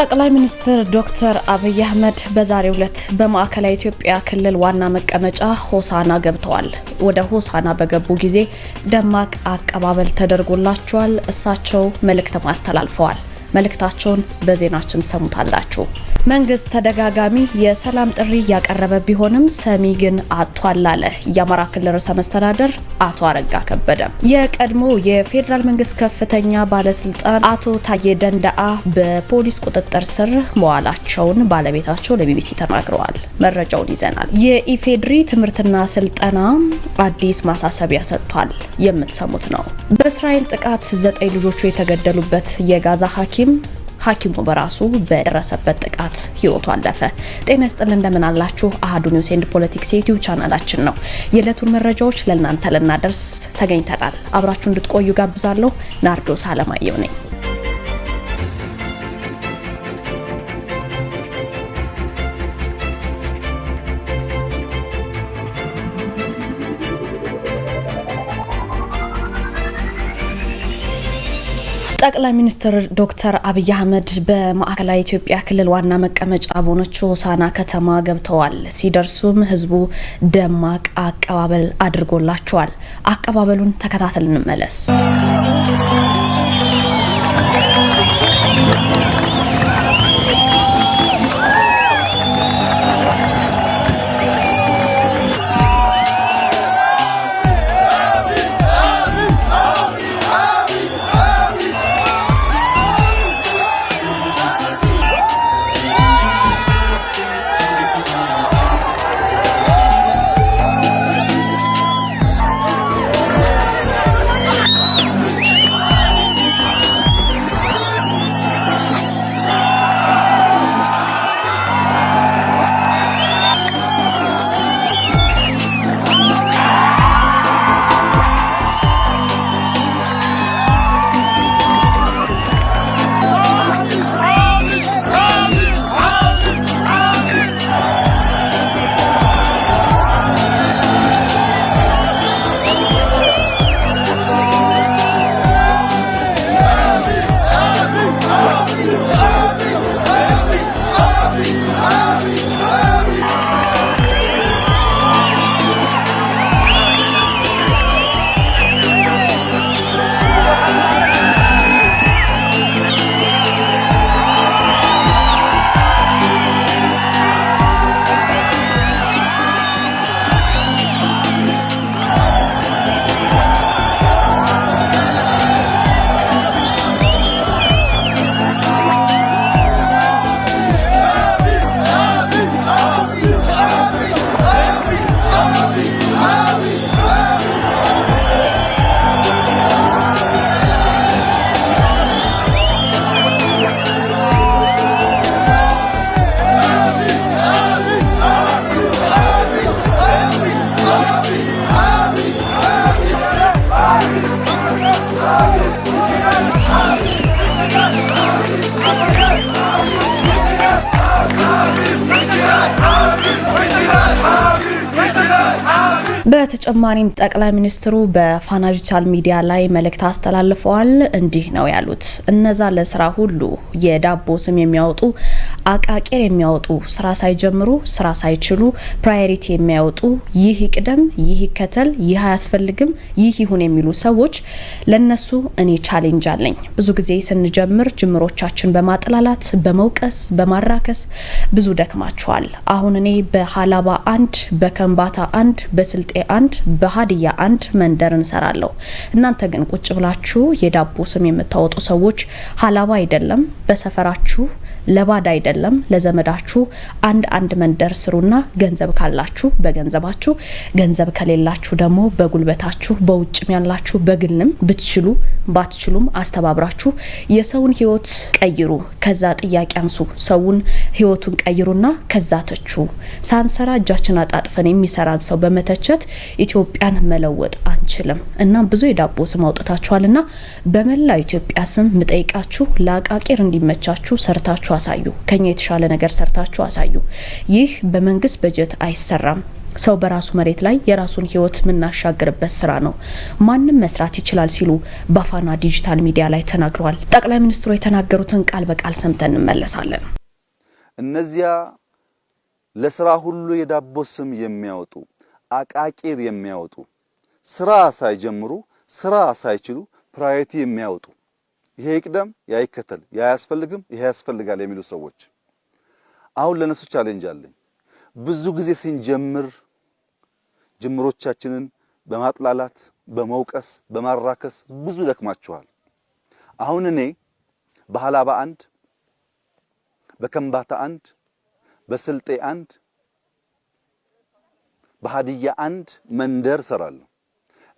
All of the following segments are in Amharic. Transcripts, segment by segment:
ጠቅላይ ሚኒስትር ዶክተር አብይ አህመድ በዛሬው ዕለት በማዕከላዊ ኢትዮጵያ ክልል ዋና መቀመጫ ሆሳና ገብተዋል። ወደ ሆሳና በገቡ ጊዜ ደማቅ አቀባበል ተደርጎላቸዋል። እሳቸው መልእክትም አስተላልፈዋል። መልእክታቸውን በዜናችን ትሰሙታላችሁ። መንግስት ተደጋጋሚ የሰላም ጥሪ እያቀረበ ቢሆንም ሰሚ ግን አጥቷል አለ የአማራ ክልል ርዕሰ መስተዳደር አቶ አረጋ ከበደ። የቀድሞ የፌዴራል መንግስት ከፍተኛ ባለስልጣን አቶ ታዬ ደንዳአ በፖሊስ ቁጥጥር ስር መዋላቸውን ባለቤታቸው ለቢቢሲ ተናግረዋል። መረጃውን ይዘናል። የኢፌድሪ ትምህርትና ስልጠና አዲስ ማሳሰቢያ ሰጥቷል። የምትሰሙት ነው። በእስራኤል ጥቃት ዘጠኝ ልጆቹ የተገደሉበት የጋዛ ሐኪም ሐኪም ሐኪሙ በራሱ በደረሰበት ጥቃት ህይወቱ አለፈ። ጤና ይስጥልን እንደምን አላችሁ? አሀዱ ኒውስ ኤንድ ፖለቲክስ የዩቲዩብ ቻናላችን ነው። የዕለቱን መረጃዎች ለእናንተ ልናደርስ ተገኝተናል። አብራችሁ እንድትቆዩ ጋብዛለሁ። ናርዶስ አለማየሁ ነኝ። ጠቅላይ ሚኒስትር ዶክተር አብይ አህመድ በማዕከላዊ ኢትዮጵያ ክልል ዋና መቀመጫ በሆነችው ሆሳና ከተማ ገብተዋል። ሲደርሱም ህዝቡ ደማቅ አቀባበል አድርጎላቸዋል። አቀባበሉን ተከታተል እንመለስ። በተጨማሪም ጠቅላይ ሚኒስትሩ በፋናጅቻል ሚዲያ ላይ መልእክት አስተላልፈዋል። እንዲህ ነው ያሉት። እነዛ ለስራ ሁሉ የዳቦ ስም የሚያወጡ አቃቂር የሚያወጡ ስራ ሳይጀምሩ ስራ ሳይችሉ ፕራዮሪቲ የሚያወጡ ይህ ይቅደም፣ ይህ ይከተል፣ ይህ አያስፈልግም፣ ይህ ይሁን የሚሉ ሰዎች ለነሱ እኔ ቻሌንጅ አለኝ። ብዙ ጊዜ ስንጀምር ጅምሮቻችን በማጥላላት በመውቀስ በማራከስ ብዙ ደክማችኋል። አሁን እኔ በሀላባ አንድ፣ በከንባታ አንድ፣ በስልጤ አንድ፣ በሀዲያ አንድ መንደር እንሰራለሁ። እናንተ ግን ቁጭ ብላችሁ የዳቦ ስም የምታወጡ ሰዎች ሀላባ አይደለም በሰፈራችሁ ለባድ አይደለም። ለዘመዳችሁ አንድ አንድ መንደር ስሩና ገንዘብ ካላችሁ በገንዘባችሁ፣ ገንዘብ ከሌላችሁ ደግሞ በጉልበታችሁ፣ በውጭም ያላችሁ በግልም ብትችሉ ባትችሉም አስተባብራችሁ የሰውን ህይወት ቀይሩ። ከዛ ጥያቄ አንሱ። ሰውን ህይወቱን ቀይሩና ከዛ ተቹ። ሳንሰራ እጃችን አጣጥፈን የሚሰራን ሰው በመተቸት ኢትዮጵያን መለወጥ አንችልም እና ብዙ የዳቦ ስም አውጥታችኋልና በመላው ኢትዮጵያ ስም ምጠይቃችሁ ለአቃቂር እንዲመቻችሁ ሰርታችኋል ሰርታችሁ አሳዩ፣ ከኛ የተሻለ ነገር ሰርታችሁ አሳዩ። ይህ በመንግስት በጀት አይሰራም። ሰው በራሱ መሬት ላይ የራሱን ህይወት የምናሻገርበት ስራ ነው፣ ማንም መስራት ይችላል ሲሉ በአፋና ዲጂታል ሚዲያ ላይ ተናግረዋል። ጠቅላይ ሚኒስትሩ የተናገሩትን ቃል በቃል ሰምተን እንመለሳለን። እነዚያ ለስራ ሁሉ የዳቦ ስም የሚያወጡ አቃቂር የሚያወጡ ስራ ሳይጀምሩ ስራ ሳይችሉ ፕራዮሪቲ የሚያወጡ ይሄ ይቅደም፣ ያ ይከተል፣ ያ አያስፈልግም፣ ይሄ ያስፈልጋል የሚሉ ሰዎች አሁን ለነሱ ቻሌንጅ አለኝ። ብዙ ጊዜ ስንጀምር ጅምሮቻችንን በማጥላላት በመውቀስ በማራከስ ብዙ ደክማችኋል። አሁን እኔ በሀላባ አንድ፣ በከምባታ አንድ፣ በስልጤ አንድ፣ በሀዲያ አንድ መንደር እሰራለሁ።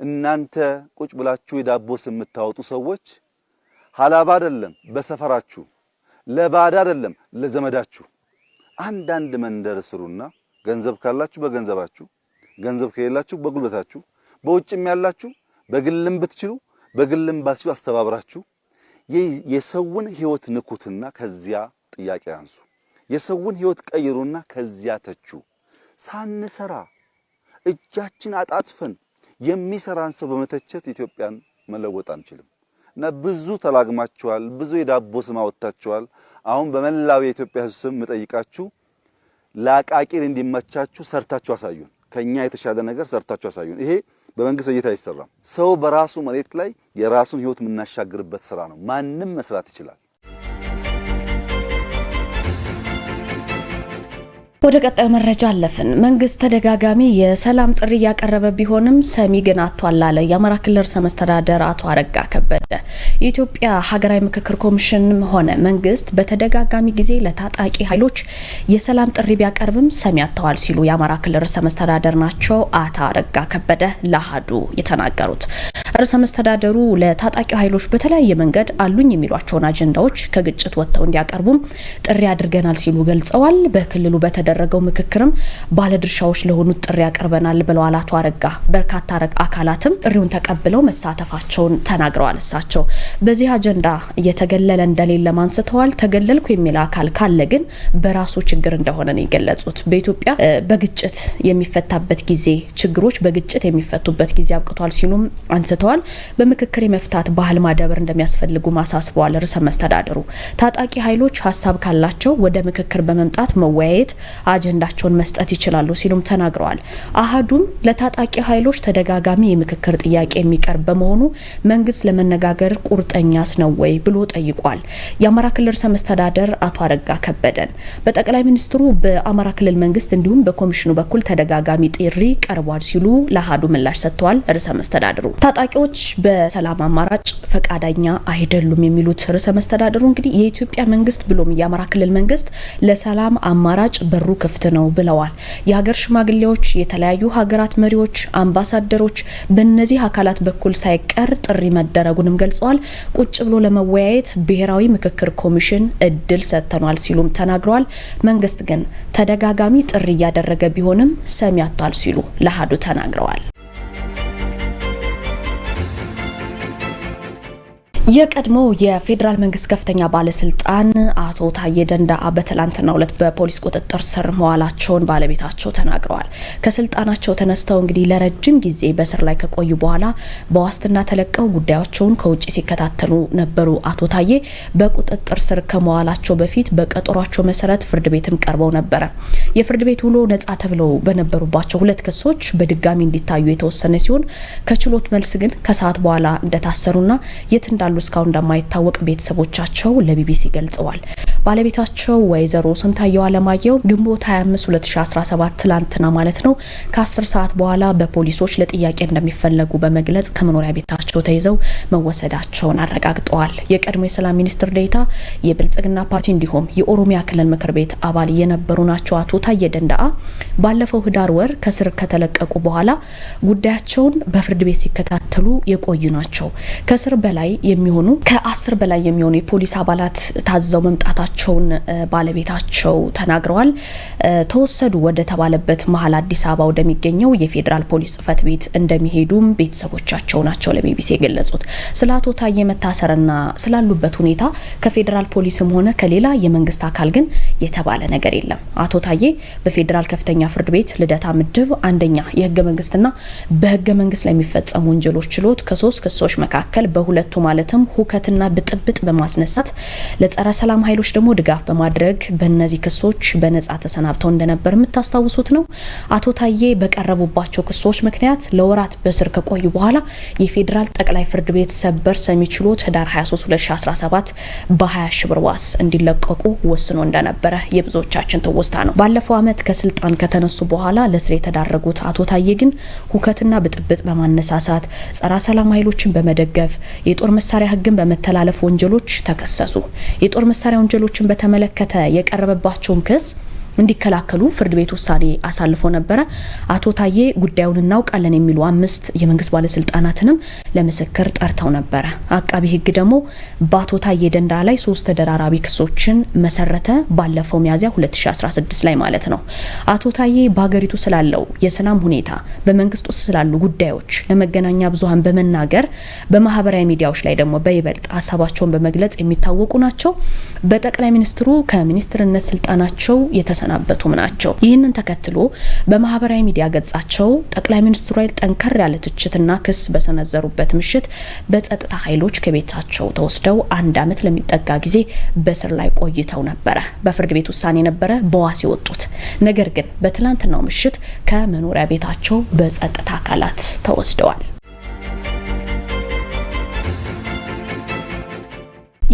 እናንተ ቁጭ ብላችሁ የዳቦ ስም የምታወጡ ሰዎች ሀላባ አይደለም በሰፈራችሁ፣ ለባዳ አይደለም ለዘመዳችሁ። አንዳንድ መንደር ስሩና ገንዘብ ካላችሁ በገንዘባችሁ፣ ገንዘብ ከሌላችሁ በጉልበታችሁ፣ በውጭም ያላችሁ በግልም ብትችሉ በግልም ባስዩ አስተባብራችሁ የሰውን ህይወት ንኩትና ከዚያ ጥያቄ አንሱ። የሰውን ህይወት ቀይሩና ከዚያ ተቹ። ሳንሰራ እጃችን አጣጥፈን የሚሰራን ሰው በመተቸት ኢትዮጵያን መለወጥ አንችልም። እና ብዙ ተላግማችኋል፣ ብዙ የዳቦ ስም አወጥታችኋል። አሁን በመላው የኢትዮጵያ ሕዝብ ስም የምጠይቃችሁ ለአቃቂር እንዲመቻችሁ ሰርታችሁ አሳዩን። ከኛ የተሻለ ነገር ሰርታችሁ አሳዩን። ይሄ በመንግስት እይታ አይሰራም። ሰው በራሱ መሬት ላይ የራሱን ህይወት የምናሻግርበት ስራ ነው። ማንም መስራት ይችላል። ወደ ቀጣዩ መረጃ አለፍን። መንግስት ተደጋጋሚ የሰላም ጥሪ እያቀረበ ቢሆንም ሰሚ ግን አጥቷል አለ የአማራ ክልል ርዕሰ መስተዳደር አቶ አረጋ ከበደ። የኢትዮጵያ ሀገራዊ ምክክር ኮሚሽንም ሆነ መንግስት በተደጋጋሚ ጊዜ ለታጣቂ ኃይሎች የሰላም ጥሪ ቢያቀርብም ሰሚ አጥተዋል ሲሉ የአማራ ክልል ርዕሰ መስተዳደር ናቸው አቶ አረጋ ከበደ ለአሃዱ የተናገሩት። ርዕሰ መስተዳደሩ ለታጣቂ ኃይሎች በተለያየ መንገድ አሉኝ የሚሏቸውን አጀንዳዎች ከግጭት ወጥተው እንዲያቀርቡም ጥሪ አድርገናል ሲሉ ገልጸዋል። በክልሉ በተደ በተደረገው ምክክርም ባለድርሻዎች ለሆኑት ጥሪ ያቀርበናል ብለዋል አቶ አረጋ። በርካታ አካላትም ጥሪውን ተቀብለው መሳተፋቸውን ተናግረዋል። እሳቸው በዚህ አጀንዳ እየተገለለ እንደሌለም አንስተዋል። ተገለልኩ የሚል አካል ካለ ግን በራሱ ችግር እንደሆነ ነው የገለጹት። በኢትዮጵያ በግጭት የሚፈታበት ጊዜ ችግሮች በግጭት የሚፈቱበት ጊዜ አብቅቷል ሲሉም አንስተዋል። በምክክር የመፍታት ባህል ማደበር እንደሚያስፈልጉ ማሳስበዋል። ርዕሰ መስተዳድሩ ታጣቂ ኃይሎች ሀሳብ ካላቸው ወደ ምክክር በመምጣት መወያየት፣ አጀንዳቸውን መስጠት ይችላሉ ሲሉም ተናግረዋል። አሀዱም ለታጣቂ ኃይሎች ተደጋጋሚ የምክክር ጥያቄ የሚቀርብ በመሆኑ መንግስት ለመነጋገር ቁርጠኛስ ነው ወይ ብሎ ጠይቋል። የአማራ ክልል ርዕሰ መስተዳደር አቶ አረጋ ከበደን በጠቅላይ ሚኒስትሩ በአማራ ክልል መንግስት እንዲሁም በኮሚሽኑ በኩል ተደጋጋሚ ጥሪ ቀርቧል ሲሉ ለአሀዱ ምላሽ ሰጥተዋል። ርዕሰ መስተዳድሩ ታጣቂዎች በሰላም አማራጭ ፈቃደኛ አይደሉም የሚሉት ርዕሰ መስተዳድሩ እንግዲህ የኢትዮጵያ መንግስት ብሎም የአማራ ክልል መንግስት ለሰላም አማራጭ በሩ ክፍት ነው ብለዋል። የሀገር ሽማግሌዎች፣ የተለያዩ ሀገራት መሪዎች፣ አምባሳደሮች በእነዚህ አካላት በኩል ሳይቀር ጥሪ መደረጉንም ገልጸዋል። ቁጭ ብሎ ለመወያየት ብሔራዊ ምክክር ኮሚሽን እድል ሰጥተኗል ሲሉም ተናግረዋል። መንግስት ግን ተደጋጋሚ ጥሪ እያደረገ ቢሆንም ሰሚ አጥቷል ሲሉ ለአሀዱ ተናግረዋል። የቀድሞ የፌዴራል መንግስት ከፍተኛ ባለስልጣን አቶ ታዬ ደንዳአ በትላንትናው ዕለት በፖሊስ ቁጥጥር ስር መዋላቸውን ባለቤታቸው ተናግረዋል። ከስልጣናቸው ተነስተው እንግዲህ ለረጅም ጊዜ በስር ላይ ከቆዩ በኋላ በዋስትና ተለቀው ጉዳያቸውን ከውጭ ሲከታተሉ ነበሩ። አቶ ታዬ በቁጥጥር ስር ከመዋላቸው በፊት በቀጠሯቸው መሰረት ፍርድ ቤትም ቀርበው ነበረ። የፍርድ ቤት ውሎ ነጻ ተብለው በነበሩባቸው ሁለት ክሶች በድጋሚ እንዲታዩ የተወሰነ ሲሆን ከችሎት መልስ ግን ከሰዓት በኋላ እንደታሰሩና የት እንዳሉ እንዳሉ እስካሁን እንደማይታወቅ ቤተሰቦቻቸው ለቢቢሲ ገልጸዋል። ባለቤታቸው ወይዘሮ ስንታየው አለማየሁ ግንቦት 25 2017 ትላንትና ማለት ነው ከ10 ሰዓት በኋላ በፖሊሶች ለጥያቄ እንደሚፈለጉ በመግለጽ ከመኖሪያ ቤታቸው ተይዘው መወሰዳቸውን አረጋግጠዋል። የቀድሞ የሰላም ሚኒስትር ዴታ የብልጽግና ፓርቲ እንዲሁም የኦሮሚያ ክልል ምክር ቤት አባል የነበሩ ናቸው። አቶ ታየ ደንዳአ ባለፈው ህዳር ወር ከስር ከተለቀቁ በኋላ ጉዳያቸውን በፍርድ ቤት ሲከታተሉ የቆዩ ናቸው። ከስር በላይ የሚ የሚሆኑ ከአስር በላይ የሚሆኑ የፖሊስ አባላት ታዘው መምጣታቸውን ባለቤታቸው ተናግረዋል። ተወሰዱ ወደ ተባለበት መሀል አዲስ አበባ ወደሚገኘው የፌዴራል ፖሊስ ጽፈት ቤት እንደሚሄዱም ቤተሰቦቻቸው ናቸው ለቢቢሲ የገለጹት። ስለ አቶ ታዬ መታሰርና ስላሉበት ሁኔታ ከፌዴራል ፖሊስም ሆነ ከሌላ የመንግስት አካል ግን የተባለ ነገር የለም። አቶ ታዬ በፌዴራል ከፍተኛ ፍርድ ቤት ልደታ ምድብ አንደኛ የህገ መንግስትና በህገ መንግስት ለሚፈጸሙ ወንጀሎች ችሎት ከሶስት ክሶች መካከል በሁለቱ ማለትም ማለትም ሁከትና ብጥብጥ በማስነሳት ለጸረ ሰላም ኃይሎች ደግሞ ድጋፍ በማድረግ በእነዚህ ክሶች በነጻ ተሰናብተው እንደነበር የምታስታውሱት ነው። አቶ ታዬ በቀረቡባቸው ክሶች ምክንያት ለወራት በስር ከቆዩ በኋላ የፌዴራል ጠቅላይ ፍርድ ቤት ሰበር ሰሚ ችሎት ህዳር 23 2017 በ20 ሺ ብር ዋስ እንዲለቀቁ ወስኖ እንደነበረ የብዙዎቻችን ትውስታ ነው። ባለፈው ዓመት ከስልጣን ከተነሱ በኋላ ለስር የተዳረጉት አቶ ታዬ ግን ሁከትና ብጥብጥ በማነሳሳት ጸረ ሰላም ኃይሎችን በመደገፍ የጦር መሳሪያ መሳሪያ ህግን በመተላለፍ ወንጀሎች ተከሰሱ። የጦር መሳሪያ ወንጀሎችን በተመለከተ የቀረበባቸውን ክስ እንዲከላከሉ ፍርድ ቤት ውሳኔ አሳልፎ ነበረ። አቶ ታዬ ጉዳዩን እናውቃለን የሚሉ አምስት የመንግስት ባለስልጣናትንም ለምስክር ጠርተው ነበረ። አቃቢ ህግ ደግሞ በአቶ ታዬ ደንዳ ላይ ሶስት ተደራራቢ ክሶችን መሰረተ። ባለፈው ሚያዝያ 2016 ላይ ማለት ነው። አቶ ታዬ በሀገሪቱ ስላለው የሰላም ሁኔታ በመንግስት ውስጥ ስላሉ ጉዳዮች ለመገናኛ ብዙሀን በመናገር በማህበራዊ ሚዲያዎች ላይ ደግሞ በይበልጥ ሀሳባቸውን በመግለጽ የሚታወቁ ናቸው። በጠቅላይ ሚኒስትሩ ከሚኒስትርነት ስልጣናቸው የተሰ የተሰናበቱም ናቸው። ይህንን ተከትሎ በማህበራዊ ሚዲያ ገጻቸው ጠቅላይ ሚኒስትሩ ኃይል ጠንከር ያለ ትችትና ክስ በሰነዘሩበት ምሽት በጸጥታ ኃይሎች ከቤታቸው ተወስደው አንድ ዓመት ለሚጠጋ ጊዜ በስር ላይ ቆይተው ነበረ። በፍርድ ቤት ውሳኔ ነበረ በዋስ የወጡት። ነገር ግን በትላንትናው ምሽት ከመኖሪያ ቤታቸው በጸጥታ አካላት ተወስደዋል።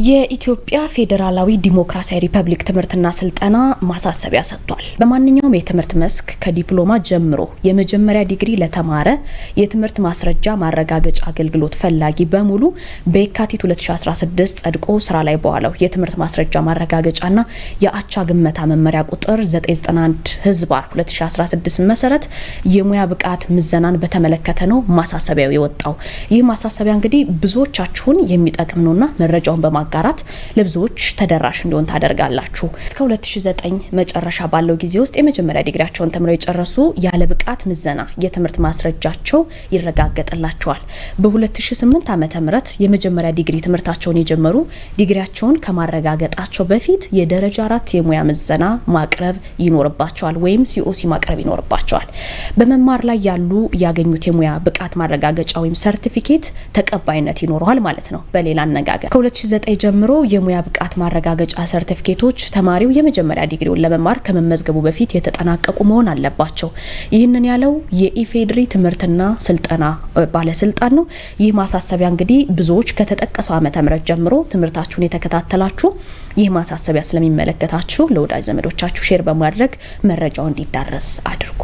የኢትዮጵያ ፌዴራላዊ ዲሞክራሲያዊ ሪፐብሊክ ትምህርትና ስልጠና ማሳሰቢያ ሰጥቷል። በማንኛውም የትምህርት መስክ ከዲፕሎማ ጀምሮ የመጀመሪያ ዲግሪ ለተማረ የትምህርት ማስረጃ ማረጋገጫ አገልግሎት ፈላጊ በሙሉ በየካቲት 2016 ጸድቆ ስራ ላይ በዋለው የትምህርት ማስረጃ ማረጋገጫና የአቻ ግመታ መመሪያ ቁጥር 991 ህዝባር 2016 መሰረት የሙያ ብቃት ምዘናን በተመለከተ ነው ማሳሰቢያው የወጣው። ይህ ማሳሰቢያ እንግዲህ ብዙዎቻችሁን የሚጠቅም ነውና መረጃውን በማ በማጋራት ለብዙዎች ተደራሽ እንዲሆን ታደርጋላችሁ። እስከ 2009 መጨረሻ ባለው ጊዜ ውስጥ የመጀመሪያ ዲግሪያቸውን ተምረው የጨረሱ ያለ ብቃት ምዘና የትምህርት ማስረጃቸው ይረጋገጥላቸዋል። በ2008 ዓመተ ም የመጀመሪያ ዲግሪ ትምህርታቸውን የጀመሩ ዲግሪያቸውን ከማረጋገጣቸው በፊት የደረጃ አራት የሙያ ምዘና ማቅረብ ይኖርባቸዋል ወይም ሲኦሲ ማቅረብ ይኖርባቸዋል። በመማር ላይ ያሉ ያገኙት የሙያ ብቃት ማረጋገጫ ወይም ሰርቲፊኬት ተቀባይነት ይኖረዋል ማለት ነው። በሌላ አነጋገር ከ2009 ጀምሮ የሙያ ብቃት ማረጋገጫ ሰርቲፊኬቶች ተማሪው የመጀመሪያ ዲግሪውን ለመማር ከመመዝገቡ በፊት የተጠናቀቁ መሆን አለባቸው። ይህንን ያለው የኢፌድሪ ትምህርትና ስልጠና ባለስልጣን ነው። ይህ ማሳሰቢያ እንግዲህ ብዙዎች ከተጠቀሰው ዓመተ ምህረት ጀምሮ ትምህርታችሁን የተከታተላችሁ ይህ ማሳሰቢያ ስለሚመለከታችሁ ለወዳጅ ዘመዶቻችሁ ሼር በማድረግ መረጃው እንዲዳረስ አድርጉ።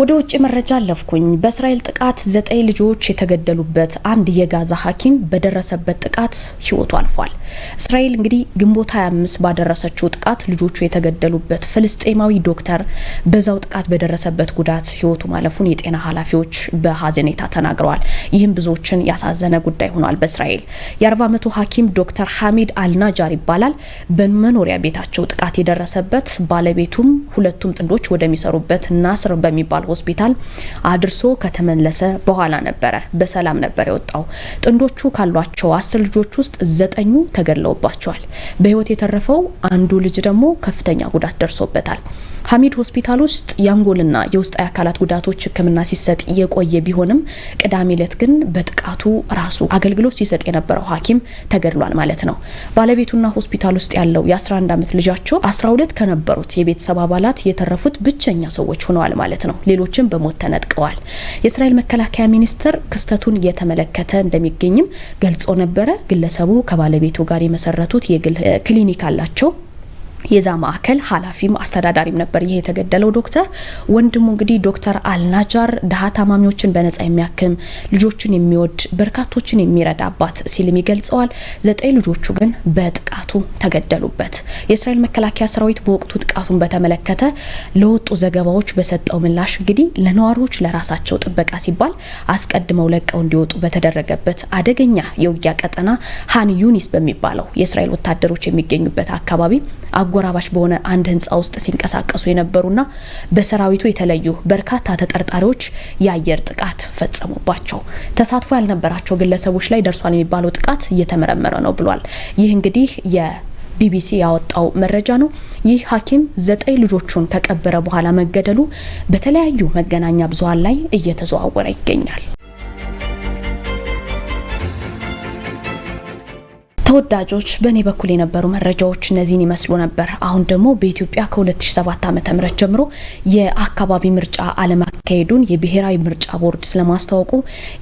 ወደ ውጭ መረጃ አለፍኩኝ። በእስራኤል ጥቃት ዘጠኝ ልጆች የተገደሉበት አንድ የጋዛ ሐኪም በደረሰበት ጥቃት ህይወቱ አልፏል። እስራኤል እንግዲህ ግንቦት 25 ባደረሰችው ጥቃት ልጆቹ የተገደሉበት ፍልስጤማዊ ዶክተር በዛው ጥቃት በደረሰበት ጉዳት ህይወቱ ማለፉን የጤና ኃላፊዎች በሀዘኔታ ተናግረዋል። ይህም ብዙዎችን ያሳዘነ ጉዳይ ሆኗል። በእስራኤል የ40 ዓመቱ ሐኪም ዶክተር ሐሚድ አልናጃር ይባላል። በመኖሪያ ቤታቸው ጥቃት የደረሰበት ባለቤቱም ሁለቱም ጥንዶች ወደሚሰሩበት ናስር በሚባል ሆስፒታል አድርሶ ከተመለሰ በኋላ ነበረ በሰላም ነበር የወጣው። ጥንዶቹ ካሏቸው አስር ልጆች ውስጥ ዘጠኙ ተገድለውባቸዋል። በህይወት የተረፈው አንዱ ልጅ ደግሞ ከፍተኛ ጉዳት ደርሶበታል። ሐሚድ ሆስፒታል ውስጥ የአንጎልና የውስጣዊ አካላት ጉዳቶች ሕክምና ሲሰጥ የቆየ ቢሆንም ቅዳሜ ዕለት ግን በጥቃቱ ራሱ አገልግሎት ሲሰጥ የነበረው ሐኪም ተገድሏል ማለት ነው። ባለቤቱና ሆስፒታል ውስጥ ያለው የ11 ዓመት ልጃቸው 12 ከነበሩት የቤተሰብ አባላት የተረፉት ብቸኛ ሰዎች ሆነዋል ማለት ነው። ሌሎችም በሞት ተነጥቀዋል። የእስራኤል መከላከያ ሚኒስቴር ክስተቱን እየተመለከተ እንደሚገኝም ገልጾ ነበረ። ግለሰቡ ከባለቤቱ ጋር የመሰረቱት የግል ክሊኒክ አላቸው። የዛ ማዕከል ኃላፊም አስተዳዳሪም ነበር ይሄ የተገደለው ዶክተር። ወንድሙ እንግዲህ ዶክተር አልናጃር ድሀ ታማሚዎችን በነጻ የሚያክም ልጆችን የሚወድ በርካቶችን የሚረዳ አባት ሲልም ይገልጸዋል። ዘጠኝ ልጆቹ ግን በጥቃቱ ተገደሉበት። የእስራኤል መከላከያ ሰራዊት በወቅቱ ጥቃቱን በተመለከተ ለወጡ ዘገባዎች በሰጠው ምላሽ እንግዲህ ለነዋሪዎች ለራሳቸው ጥበቃ ሲባል አስቀድመው ለቀው እንዲወጡ በተደረገበት አደገኛ የውጊያ ቀጠና ሃን ዩኒስ በሚባለው የእስራኤል ወታደሮች የሚገኙበት አካባቢ አጎራባች በሆነ አንድ ህንፃ ውስጥ ሲንቀሳቀሱ የነበሩና በሰራዊቱ የተለዩ በርካታ ተጠርጣሪዎች የአየር ጥቃት ፈጸሙባቸው። ተሳትፎ ያልነበራቸው ግለሰቦች ላይ ደርሷል የሚባለው ጥቃት እየተመረመረ ነው ብሏል። ይህ እንግዲህ የ ቢቢሲ ያወጣው መረጃ ነው። ይህ ሐኪም ዘጠኝ ልጆቹን ከቀበረ በኋላ መገደሉ በተለያዩ መገናኛ ብዙሃን ላይ እየተዘዋወረ ይገኛል። ተወዳጆች በእኔ በኩል የነበሩ መረጃዎች እነዚህን ይመስሉ ነበር። አሁን ደግሞ በኢትዮጵያ ከ2007 ም ጀምሮ የአካባቢ ምርጫ አለማካሄዱን የብሔራዊ ምርጫ ቦርድ ስለማስታወቁ፣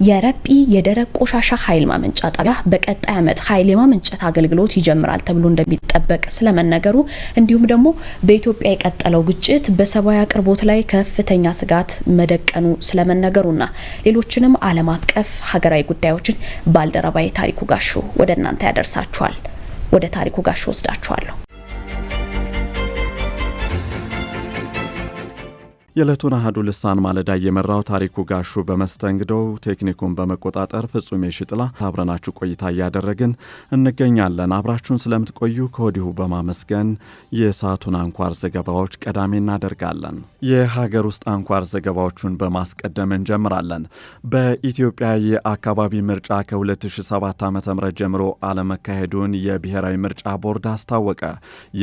የረጲ የደረቅ ቆሻሻ ኃይል ማመንጫ ጣቢያ በቀጣይ ዓመት ኃይል የማመንጨት አገልግሎት ይጀምራል ተብሎ እንደሚጠበቅ ስለመነገሩ፣ እንዲሁም ደግሞ በኢትዮጵያ የቀጠለው ግጭት በሰብአዊ አቅርቦት ላይ ከፍተኛ ስጋት መደቀኑ ስለመነገሩና ሌሎችንም ዓለም አቀፍ ሀገራዊ ጉዳዮችን ባልደረባዬ ታሪኩ ጋሹ ወደ እናንተ ያደርሳል። ያደርሳችኋል። ወደ ታሪኩ ጋሽ ወስዳችኋለሁ። የዕለቱን አህዱ ልሳን ማለዳ እየመራው ታሪኩ ጋሹ በመስተንግዶው ቴክኒኩን በመቆጣጠር ፍጹም የሽጥላ አብረናችሁ ቆይታ እያደረግን እንገኛለን። አብራችሁን ስለምትቆዩ ከወዲሁ በማመስገን የሰዓቱን አንኳር ዘገባዎች ቀዳሚ እናደርጋለን። የሀገር ውስጥ አንኳር ዘገባዎቹን በማስቀደም እንጀምራለን። በኢትዮጵያ የአካባቢ ምርጫ ከ2007 ዓ ም ጀምሮ አለመካሄዱን የብሔራዊ ምርጫ ቦርድ አስታወቀ።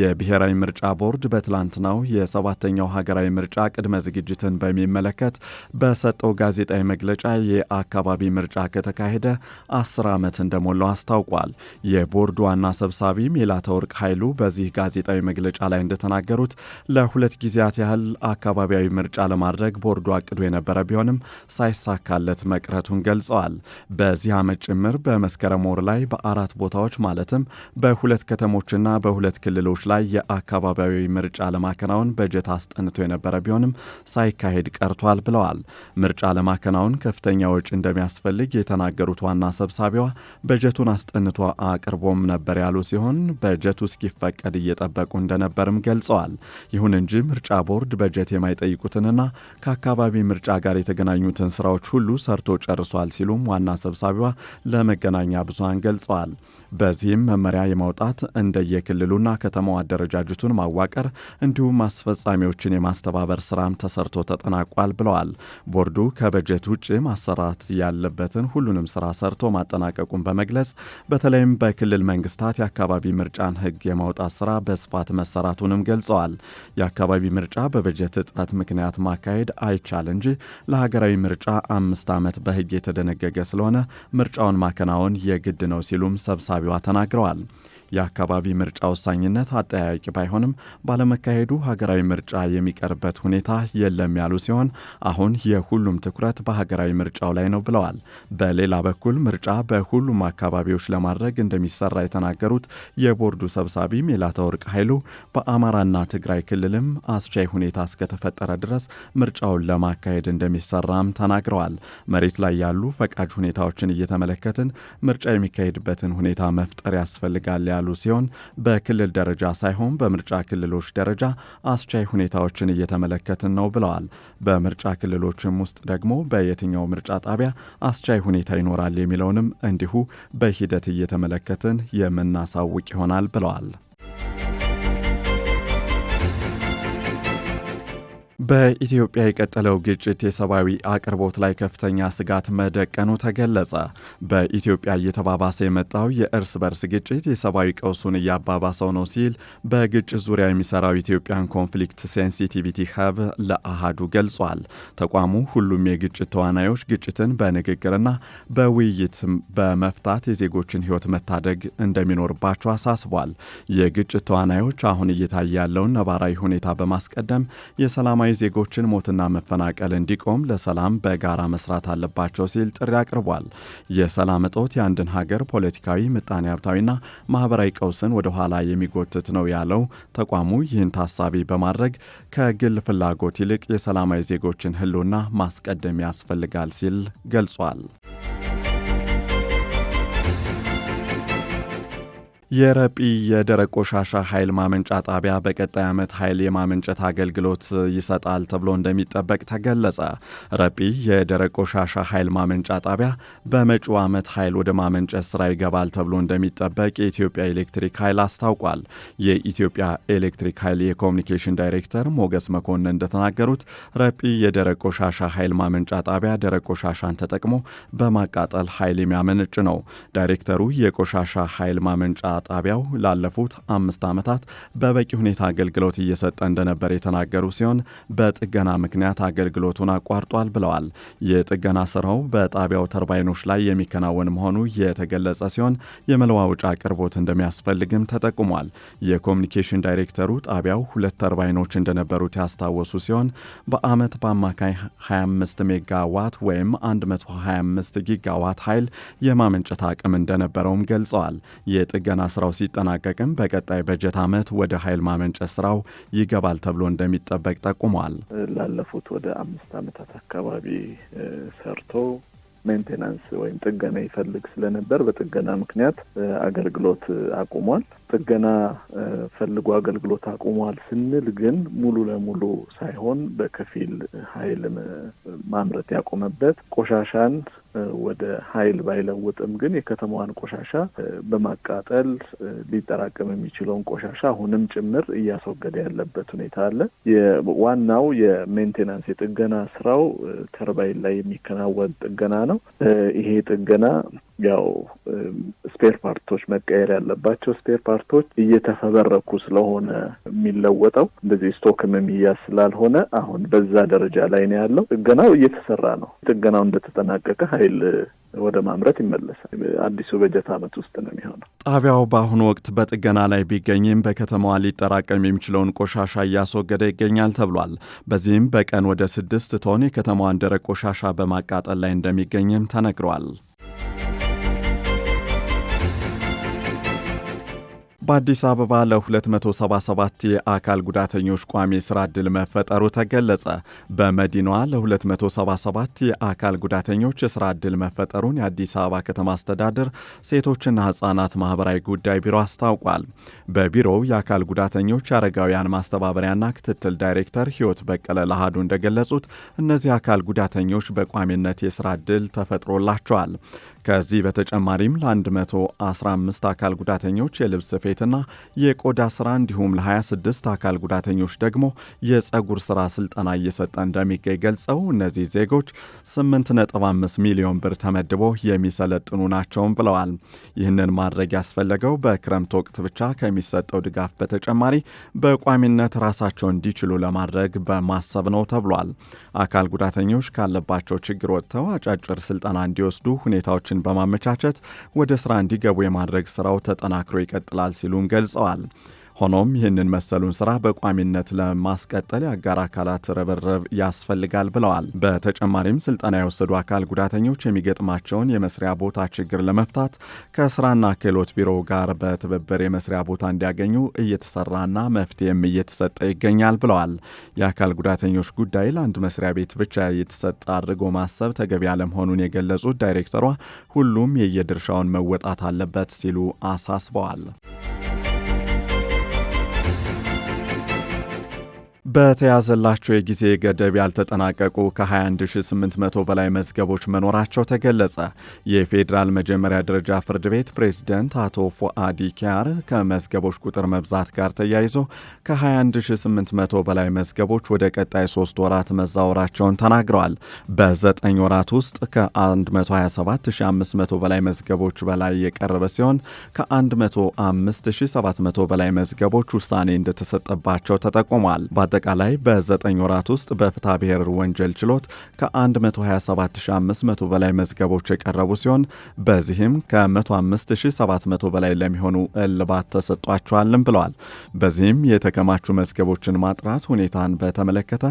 የብሔራዊ ምርጫ ቦርድ በትላንትናው የሰባተኛው ሀገራዊ ምርጫ ቅድመ ዝግጅትን በሚመለከት በሰጠው ጋዜጣዊ መግለጫ የአካባቢ ምርጫ ከተካሄደ አስር ዓመት እንደሞላው አስታውቋል። የቦርድ ዋና ሰብሳቢ ሜላተወርቅ ኃይሉ በዚህ ጋዜጣዊ መግለጫ ላይ እንደተናገሩት ለሁለት ጊዜያት ያህል አካባቢያዊ ምርጫ ለማድረግ ቦርዱ አቅዶ የነበረ ቢሆንም ሳይሳካለት መቅረቱን ገልጸዋል። በዚህ ዓመት ጭምር በመስከረም ወር ላይ በአራት ቦታዎች ማለትም በሁለት ከተሞችና በሁለት ክልሎች ላይ የአካባቢያዊ ምርጫ ለማከናወን በጀት አስጠንቶ የነበረ ቢሆንም ሳይካሄድ ቀርቷል ብለዋል። ምርጫ ለማከናወን ከፍተኛ ወጪ እንደሚያስፈልግ የተናገሩት ዋና ሰብሳቢዋ በጀቱን አስጠንቶ አቅርቦም ነበር ያሉ ሲሆን በጀቱ እስኪፈቀድ እየጠበቁ እንደነበርም ገልጸዋል። ይሁን እንጂ ምርጫ ቦርድ በጀት የማይጠይቁትንና ከአካባቢ ምርጫ ጋር የተገናኙትን ስራዎች ሁሉ ሰርቶ ጨርሷል ሲሉም ዋና ሰብሳቢዋ ለመገናኛ ብዙሃን ገልጸዋል። በዚህም መመሪያ የማውጣት እንደየክልሉና ከተማው አደረጃጀቱን ማዋቀር እንዲሁም አስፈጻሚዎችን የማስተባበር ስራም ተሰርቶ ተጠናቋል ብለዋል። ቦርዱ ከበጀት ውጭ ማሰራት ያለበትን ሁሉንም ስራ ሰርቶ ማጠናቀቁን በመግለጽ በተለይም በክልል መንግስታት የአካባቢ ምርጫን ህግ የማውጣት ስራ በስፋት መሰራቱንም ገልጸዋል። የአካባቢ ምርጫ በበጀት እጥረት ምክንያት ማካሄድ አይቻል እንጂ ለሀገራዊ ምርጫ አምስት ዓመት በህግ የተደነገገ ስለሆነ ምርጫውን ማከናወን የግድ ነው ሲሉም ሰብሳቢዋ ተናግረዋል። የአካባቢ ምርጫ ወሳኝነት አጠያቂ ባይሆንም ባለመካሄዱ ሀገራዊ ምርጫ የሚቀርበት ሁኔታ የለም ያሉ ሲሆን አሁን የሁሉም ትኩረት በሀገራዊ ምርጫው ላይ ነው ብለዋል። በሌላ በኩል ምርጫ በሁሉም አካባቢዎች ለማድረግ እንደሚሰራ የተናገሩት የቦርዱ ሰብሳቢ ሜላተወርቅ ኃይሉ በአማራና ትግራይ ክልልም አስቻይ ሁኔታ እስከተፈጠረ ድረስ ምርጫውን ለማካሄድ እንደሚሰራም ተናግረዋል። መሬት ላይ ያሉ ፈቃጅ ሁኔታዎችን እየተመለከትን ምርጫ የሚካሄድበትን ሁኔታ መፍጠር ያስፈልጋል ያሉ ያሉ ሲሆን በክልል ደረጃ ሳይሆን በምርጫ ክልሎች ደረጃ አስቻይ ሁኔታዎችን እየተመለከትን ነው ብለዋል። በምርጫ ክልሎችም ውስጥ ደግሞ በየትኛው ምርጫ ጣቢያ አስቻይ ሁኔታ ይኖራል የሚለውንም እንዲሁ በሂደት እየተመለከትን የምናሳውቅ ይሆናል ብለዋል። በኢትዮጵያ የቀጠለው ግጭት የሰብአዊ አቅርቦት ላይ ከፍተኛ ስጋት መደቀኑ ተገለጸ። በኢትዮጵያ እየተባባሰ የመጣው የእርስ በርስ ግጭት የሰብአዊ ቀውሱን እያባባሰው ነው ሲል በግጭት ዙሪያ የሚሰራው ኢትዮጵያን ኮንፍሊክት ሴንሲቲቪቲ ሀብ ለአሃዱ ገልጿል። ተቋሙ ሁሉም የግጭት ተዋናዮች ግጭትን በንግግርና በውይይት በመፍታት የዜጎችን ሕይወት መታደግ እንደሚኖርባቸው አሳስቧል። የግጭት ተዋናዮች አሁን እየታየ ያለውን ነባራዊ ሁኔታ በማስቀደም የሰላማ የሰላማዊ ዜጎችን ሞትና መፈናቀል እንዲቆም ለሰላም በጋራ መስራት አለባቸው ሲል ጥሪ አቅርቧል። የሰላም እጦት የአንድን ሀገር ፖለቲካዊ፣ ምጣኔ ሀብታዊና ማህበራዊ ቀውስን ወደ ኋላ የሚጎትት ነው ያለው ተቋሙ ይህን ታሳቢ በማድረግ ከግል ፍላጎት ይልቅ የሰላማዊ ዜጎችን ህልውና ማስቀደም ያስፈልጋል ሲል ገልጿል። የረጲ የደረቅ ቆሻሻ ኃይል ማመንጫ ጣቢያ በቀጣይ ዓመት ኃይል የማመንጨት አገልግሎት ይሰጣል ተብሎ እንደሚጠበቅ ተገለጸ። ረጲ የደረቅ ቆሻሻ ኃይል ማመንጫ ጣቢያ በመጪው ዓመት ኃይል ወደ ማመንጨት ስራ ይገባል ተብሎ እንደሚጠበቅ የኢትዮጵያ ኤሌክትሪክ ኃይል አስታውቋል። የኢትዮጵያ ኤሌክትሪክ ኃይል የኮሚኒኬሽን ዳይሬክተር ሞገስ መኮንን እንደተናገሩት ረጲ የደረቅ ቆሻሻ ኃይል ማመንጫ ጣቢያ ደረቅ ቆሻሻን ተጠቅሞ በማቃጠል ኃይል የሚያመነጭ ነው። ዳይሬክተሩ የቆሻሻ ኃይል ማመንጫ ጣቢያው ላለፉት አምስት ዓመታት በበቂ ሁኔታ አገልግሎት እየሰጠ እንደነበር የተናገሩ ሲሆን በጥገና ምክንያት አገልግሎቱን አቋርጧል ብለዋል። የጥገና ስራው በጣቢያው ተርባይኖች ላይ የሚከናወን መሆኑ የተገለጸ ሲሆን የመለዋወጫ አቅርቦት እንደሚያስፈልግም ተጠቁሟል። የኮሚኒኬሽን ዳይሬክተሩ ጣቢያው ሁለት ተርባይኖች እንደነበሩት ያስታወሱ ሲሆን በአመት በአማካይ 25 ሜጋዋት ወይም 125 ጊጋዋት ኃይል የማመንጨት አቅም እንደነበረውም ገልጸዋል። የጥገና የግንባታ ስራው ሲጠናቀቅም በቀጣይ በጀት ዓመት ወደ ኃይል ማመንጨት ስራው ይገባል ተብሎ እንደሚጠበቅ ጠቁሟል። ላለፉት ወደ አምስት ዓመታት አካባቢ ሰርቶ ሜንቴናንስ ወይም ጥገና ይፈልግ ስለነበር በጥገና ምክንያት አገልግሎት አቁሟል። ጥገና ፈልጎ አገልግሎት አቁሟል ስንል ግን ሙሉ ለሙሉ ሳይሆን በከፊል ኃይል ማምረት ያቆመበት ቆሻሻን ወደ ኃይል ባይለውጥም ግን የከተማዋን ቆሻሻ በማቃጠል ሊጠራቀም የሚችለውን ቆሻሻ አሁንም ጭምር እያስወገደ ያለበት ሁኔታ አለ። ዋናው የሜንቴናንስ የጥገና ስራው ተርባይን ላይ የሚከናወን ጥገና ነው። ይሄ ጥገና ያው ስፔር ፓርቶች መቀየር ያለባቸው ስፔር ፓርቶች እየተፈበረኩ ስለሆነ የሚለወጠው እንደዚህ ስቶክም የሚያዝ ስላልሆነ አሁን በዛ ደረጃ ላይ ነው ያለው። ጥገናው እየተሰራ ነው። ጥገናው እንደተጠናቀቀ ኃይል ወደ ማምረት ይመለሳል። አዲሱ በጀት ዓመት ውስጥ ነው የሚሆነው። ጣቢያው በአሁኑ ወቅት በጥገና ላይ ቢገኝም በከተማዋ ሊጠራቀም የሚችለውን ቆሻሻ እያስወገደ ይገኛል ተብሏል። በዚህም በቀን ወደ ስድስት ቶን የከተማዋን ደረቅ ቆሻሻ በማቃጠል ላይ እንደሚገኝም ተነግሯል። በአዲስ አበባ ለ277 የአካል ጉዳተኞች ቋሚ የስራ ዕድል መፈጠሩ ተገለጸ። በመዲናዋ ለ277 የአካል ጉዳተኞች የስራ ዕድል መፈጠሩን የአዲስ አበባ ከተማ አስተዳደር ሴቶችና ህጻናት ማህበራዊ ጉዳይ ቢሮ አስታውቋል። በቢሮው የአካል ጉዳተኞች አረጋውያን ማስተባበሪያና ክትትል ዳይሬክተር ህይወት በቀለ ለአሃዱ እንደገለጹት እነዚህ አካል ጉዳተኞች በቋሚነት የስራ ዕድል ተፈጥሮላቸዋል። ከዚህ በተጨማሪም ለ115 አካል ጉዳተኞች የልብስ ስፌትና የቆዳ ስራ እንዲሁም ለ26 አካል ጉዳተኞች ደግሞ የጸጉር ስራ ስልጠና እየሰጠ እንደሚገኝ ገልጸው እነዚህ ዜጎች 8.5 ሚሊዮን ብር ተመድቦ የሚሰለጥኑ ናቸውም ብለዋል። ይህንን ማድረግ ያስፈለገው በክረምት ወቅት ብቻ ከሚሰጠው ድጋፍ በተጨማሪ በቋሚነት ራሳቸው እንዲችሉ ለማድረግ በማሰብ ነው ተብሏል። አካል ጉዳተኞች ካለባቸው ችግር ወጥተው አጫጭር ስልጠና እንዲወስዱ ሁኔታዎች ሁኔታዎችን በማመቻቸት ወደ ስራ እንዲገቡ የማድረግ ስራው ተጠናክሮ ይቀጥላል ሲሉም ገልጸዋል። ሆኖም ይህንን መሰሉን ስራ በቋሚነት ለማስቀጠል የአጋር አካላት ርብርብ ያስፈልጋል ብለዋል። በተጨማሪም ስልጠና የወሰዱ አካል ጉዳተኞች የሚገጥማቸውን የመስሪያ ቦታ ችግር ለመፍታት ከስራና ክህሎት ቢሮ ጋር በትብብር የመስሪያ ቦታ እንዲያገኙ እየተሰራና መፍትሄም እየተሰጠ ይገኛል ብለዋል። የአካል ጉዳተኞች ጉዳይ ለአንድ መስሪያ ቤት ብቻ የተሰጠ አድርጎ ማሰብ ተገቢ አለመሆኑን የገለጹት ዳይሬክተሯ ሁሉም የየድርሻውን መወጣት አለበት ሲሉ አሳስበዋል። በተያዘላቸው የጊዜ ገደብ ያልተጠናቀቁ ከ21800 በላይ መዝገቦች መኖራቸው ተገለጸ። የፌዴራል መጀመሪያ ደረጃ ፍርድ ቤት ፕሬዝደንት አቶ ፎአዲ ኪያር ከመዝገቦች ቁጥር መብዛት ጋር ተያይዞ ከ21800 በላይ መዝገቦች ወደ ቀጣይ ሶስት ወራት መዛወራቸውን ተናግረዋል። በዘጠኝ ወራት ውስጥ ከ127500 በላይ መዝገቦች በላይ የቀረበ ሲሆን ከ105700 በላይ መዝገቦች ውሳኔ እንደተሰጠባቸው ተጠቁሟል። በአጠቃላይ በ9 ወራት ውስጥ በፍትሐ ብሔር ወንጀል ችሎት ከ127500 በላይ መዝገቦች የቀረቡ ሲሆን በዚህም ከ105700 በላይ ለሚሆኑ እልባት ተሰጧቸዋልም ብለዋል። በዚህም የተከማቹ መዝገቦችን ማጥራት ሁኔታን በተመለከተ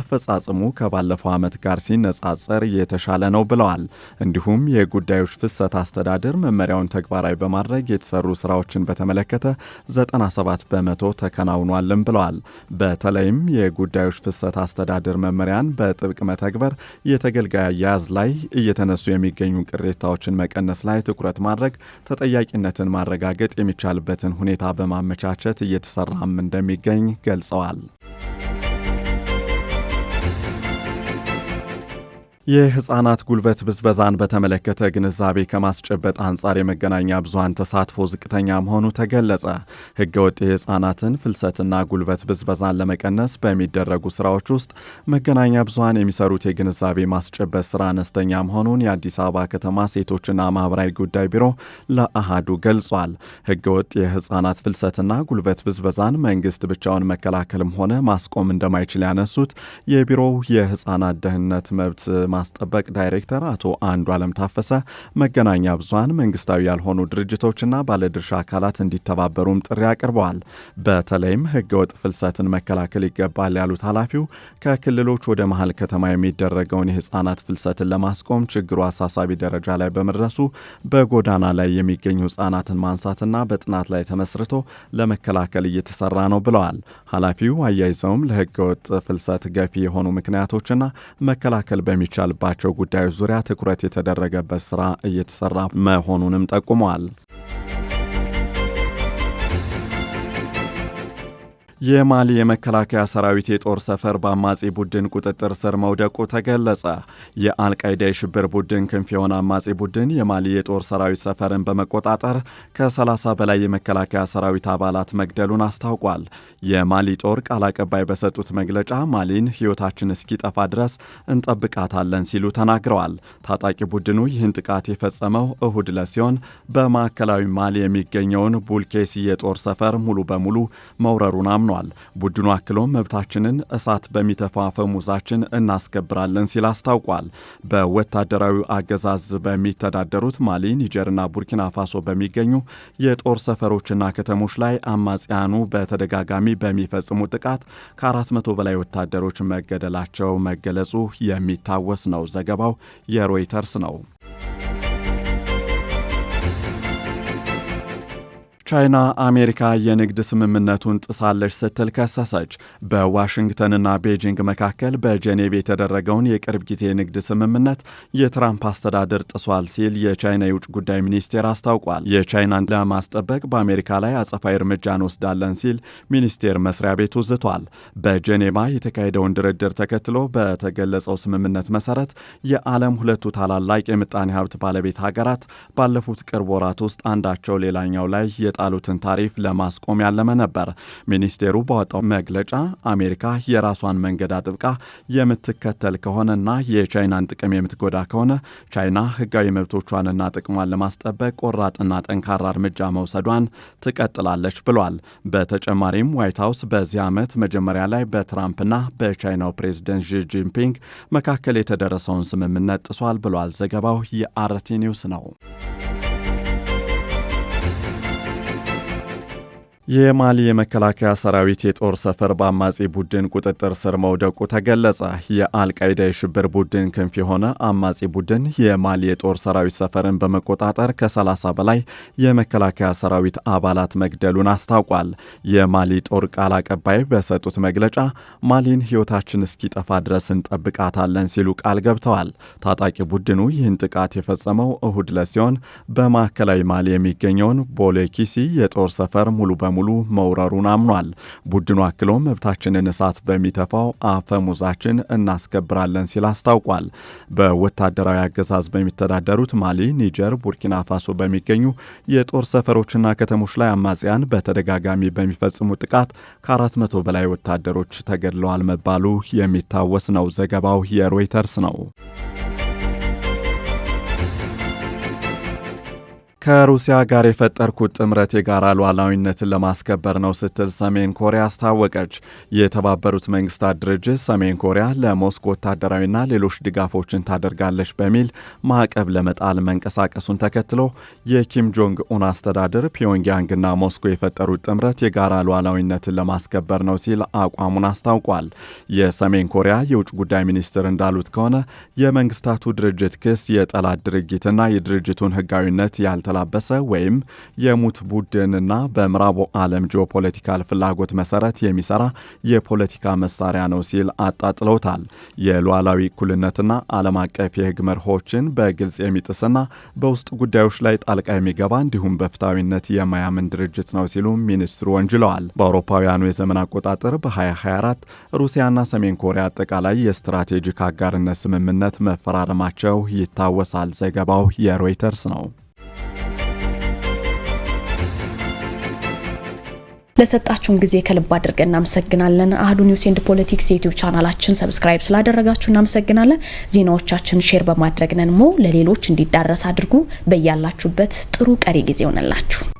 አፈጻጽሙ ከባለፈው ዓመት ጋር ሲነጻጸር የተሻለ ነው ብለዋል። እንዲሁም የጉዳዮች ፍሰት አስተዳደር መመሪያውን ተግባራዊ በማድረግ የተሰሩ ስራዎችን በተመለከተ 97 በመቶ ተከናውኗልም ብለዋል። በተለይ ወይም የጉዳዮች ፍሰት አስተዳደር መመሪያን በጥብቅ መተግበር፣ የተገልጋይ አያያዝ ላይ እየተነሱ የሚገኙ ቅሬታዎችን መቀነስ ላይ ትኩረት ማድረግ፣ ተጠያቂነትን ማረጋገጥ የሚቻልበትን ሁኔታ በማመቻቸት እየተሰራም እንደሚገኝ ገልጸዋል። የህፃናት ጉልበት ብዝበዛን በተመለከተ ግንዛቤ ከማስጨበጥ አንጻር የመገናኛ ብዙሃን ተሳትፎ ዝቅተኛ መሆኑ ተገለጸ። ህገወጥ የህፃናትን ፍልሰትና ጉልበት ብዝበዛን ለመቀነስ በሚደረጉ ስራዎች ውስጥ መገናኛ ብዙሃን የሚሰሩት የግንዛቤ ማስጨበጥ ስራ አነስተኛ መሆኑን የአዲስ አበባ ከተማ ሴቶችና ማህበራዊ ጉዳይ ቢሮ ለአሃዱ ገልጿል። ህገወጥ የህፃናት ፍልሰትና ጉልበት ብዝበዛን መንግስት ብቻውን መከላከልም ሆነ ማስቆም እንደማይችል ያነሱት የቢሮው የህፃናት ደህንነት መብት ማስጠበቅ ዳይሬክተር አቶ አንዱ አለም ታፈሰ መገናኛ ብዙሀን መንግስታዊ ያልሆኑ ድርጅቶችና ባለድርሻ አካላት እንዲተባበሩም ጥሪ አቅርበዋል። በተለይም ህገወጥ ፍልሰትን መከላከል ይገባል ያሉት ኃላፊው ከክልሎች ወደ መሀል ከተማ የሚደረገውን የህፃናት ፍልሰትን ለማስቆም ችግሩ አሳሳቢ ደረጃ ላይ በመድረሱ በጎዳና ላይ የሚገኙ ህጻናትን ማንሳትና በጥናት ላይ ተመስርቶ ለመከላከል እየተሰራ ነው ብለዋል። ኃላፊው አያይዘውም ለህገወጥ ፍልሰት ገፊ የሆኑ ምክንያቶችና መከላከል በሚቻል በሚቻልባቸው ጉዳዮች ዙሪያ ትኩረት የተደረገበት ስራ እየተሰራ መሆኑንም ጠቁመዋል። የማሊ የመከላከያ ሰራዊት የጦር ሰፈር በአማጺ ቡድን ቁጥጥር ስር መውደቁ ተገለጸ። የአልቃይዳ የሽብር ቡድን ክንፍ የሆነ አማጺ ቡድን የማሊ የጦር ሰራዊት ሰፈርን በመቆጣጠር ከ30 በላይ የመከላከያ ሰራዊት አባላት መግደሉን አስታውቋል። የማሊ ጦር ቃል አቀባይ በሰጡት መግለጫ ማሊን ሕይወታችን እስኪጠፋ ድረስ እንጠብቃታለን ሲሉ ተናግረዋል። ታጣቂ ቡድኑ ይህን ጥቃት የፈጸመው እሁድ ዕለት ሲሆን በማዕከላዊ ማሊ የሚገኘውን ቡልኬሲ የጦር ሰፈር ሙሉ በሙሉ መውረሩን አምኗል። ሆኗል። ቡድኑ አክሎም መብታችንን እሳት በሚተፋ አፈሙዛችን እናስከብራለን ሲል አስታውቋል። በወታደራዊ አገዛዝ በሚተዳደሩት ማሊ፣ ኒጀርና ቡርኪና ፋሶ በሚገኙ የጦር ሰፈሮችና ከተሞች ላይ አማጽያኑ በተደጋጋሚ በሚፈጽሙ ጥቃት ከ400 በላይ ወታደሮች መገደላቸው መገለጹ የሚታወስ ነው። ዘገባው የሮይተርስ ነው። ቻይና አሜሪካ የንግድ ስምምነቱን ጥሳለች ስትል ከሰሰች። በዋሽንግተንና ቤጂንግ መካከል በጄኔቭ የተደረገውን የቅርብ ጊዜ ንግድ ስምምነት የትራምፕ አስተዳደር ጥሷል ሲል የቻይና የውጭ ጉዳይ ሚኒስቴር አስታውቋል። የቻይናን ለማስጠበቅ በአሜሪካ ላይ አጸፋዊ እርምጃ እንወስዳለን ሲል ሚኒስቴር መስሪያ ቤቱ ዝቷል። በጄኔቫ የተካሄደውን ድርድር ተከትሎ በተገለጸው ስምምነት መሰረት የዓለም ሁለቱ ታላላቅ የምጣኔ ሀብት ባለቤት ሀገራት ባለፉት ቅርብ ወራት ውስጥ አንዳቸው ሌላኛው ላይ የጣሉትን ታሪፍ ለማስቆም ያለመ ነበር። ሚኒስቴሩ ባወጣው መግለጫ አሜሪካ የራሷን መንገድ አጥብቃ የምትከተል ከሆነና የቻይናን ጥቅም የምትጎዳ ከሆነ ቻይና ሕጋዊ መብቶቿንና ጥቅሟን ለማስጠበቅ ቆራጥና ጠንካራ እርምጃ መውሰዷን ትቀጥላለች ብሏል። በተጨማሪም ዋይት ሀውስ በዚህ ዓመት መጀመሪያ ላይ በትራምፕና በቻይናው ፕሬዚደንት ዢ ጂንፒንግ መካከል የተደረሰውን ስምምነት ጥሷል ብሏል። ዘገባው የአርቲ ኒውስ ነው። የማሊ የመከላከያ ሰራዊት የጦር ሰፈር በአማጺ ቡድን ቁጥጥር ስር መውደቁ ተገለጸ። የአልቃይዳ የሽብር ቡድን ክንፍ የሆነ አማጺ ቡድን የማሊ የጦር ሰራዊት ሰፈርን በመቆጣጠር ከ30 በላይ የመከላከያ ሰራዊት አባላት መግደሉን አስታውቋል። የማሊ ጦር ቃል አቀባይ በሰጡት መግለጫ ማሊን ሕይወታችን እስኪጠፋ ድረስ እንጠብቃታለን ሲሉ ቃል ገብተዋል። ታጣቂ ቡድኑ ይህን ጥቃት የፈጸመው እሁድ ዕለት ሲሆን በማዕከላዊ ማሊ የሚገኘውን ቦሌኪሲ የጦር ሰፈር ሙሉ በሙሉ በሙሉ መውረሩን አምኗል። ቡድኑ አክሎም መብታችንን እሳት በሚተፋው አፈሙዛችን እናስከብራለን ሲል አስታውቋል። በወታደራዊ አገዛዝ በሚተዳደሩት ማሊ፣ ኒጀር፣ ቡርኪና ፋሶ በሚገኙ የጦር ሰፈሮችና ከተሞች ላይ አማጽያን በተደጋጋሚ በሚፈጽሙ ጥቃት ከ400 በላይ ወታደሮች ተገድለዋል መባሉ የሚታወስ ነው። ዘገባው የሮይተርስ ነው። ከሩሲያ ጋር የፈጠርኩት ጥምረት የጋራ ሉዓላዊነትን ለማስከበር ነው ስትል ሰሜን ኮሪያ አስታወቀች። የተባበሩት መንግስታት ድርጅት ሰሜን ኮሪያ ለሞስኮ ወታደራዊና ሌሎች ድጋፎችን ታደርጋለች በሚል ማዕቀብ ለመጣል መንቀሳቀሱን ተከትሎ የኪም ጆንግ ኡን አስተዳደር ፒዮንግያንግና ሞስኮ የፈጠሩት ጥምረት የጋራ ሉዓላዊነትን ለማስከበር ነው ሲል አቋሙን አስታውቋል። የሰሜን ኮሪያ የውጭ ጉዳይ ሚኒስትር እንዳሉት ከሆነ የመንግስታቱ ድርጅት ክስ የጠላት ድርጊትና የድርጅቱን ህጋዊነት ያልተ የተላበሰ ወይም የሙት ቡድንና በምዕራቡ ዓለም ጂኦፖለቲካል ፍላጎት መሰረት የሚሰራ የፖለቲካ መሳሪያ ነው ሲል አጣጥለውታል። የሉዓላዊ እኩልነትና ዓለም አቀፍ የህግ መርሆችን በግልጽ የሚጥስና በውስጥ ጉዳዮች ላይ ጣልቃ የሚገባ እንዲሁም በፍትሐዊነት የማያምን ድርጅት ነው ሲሉ ሚኒስትሩ ወንጅለዋል። በአውሮፓውያኑ የዘመን አቆጣጠር በ2024 ሩሲያና ሰሜን ኮሪያ አጠቃላይ የስትራቴጂክ አጋርነት ስምምነት መፈራረማቸው ይታወሳል። ዘገባው የሮይተርስ ነው። ለሰጣችሁን ጊዜ ከልብ አድርገን እናመሰግናለን። አህዱ ኒውስ ኤንድ ፖለቲክስ የዩቲዩብ ቻናላችን ሰብስክራይብ ስላደረጋችሁ እናመሰግናለን። ዜናዎቻችን ሼር በማድረግ ነን ሞ ለሌሎች እንዲዳረስ አድርጉ። በያላችሁበት ጥሩ ቀሪ ጊዜ ሆነላችሁ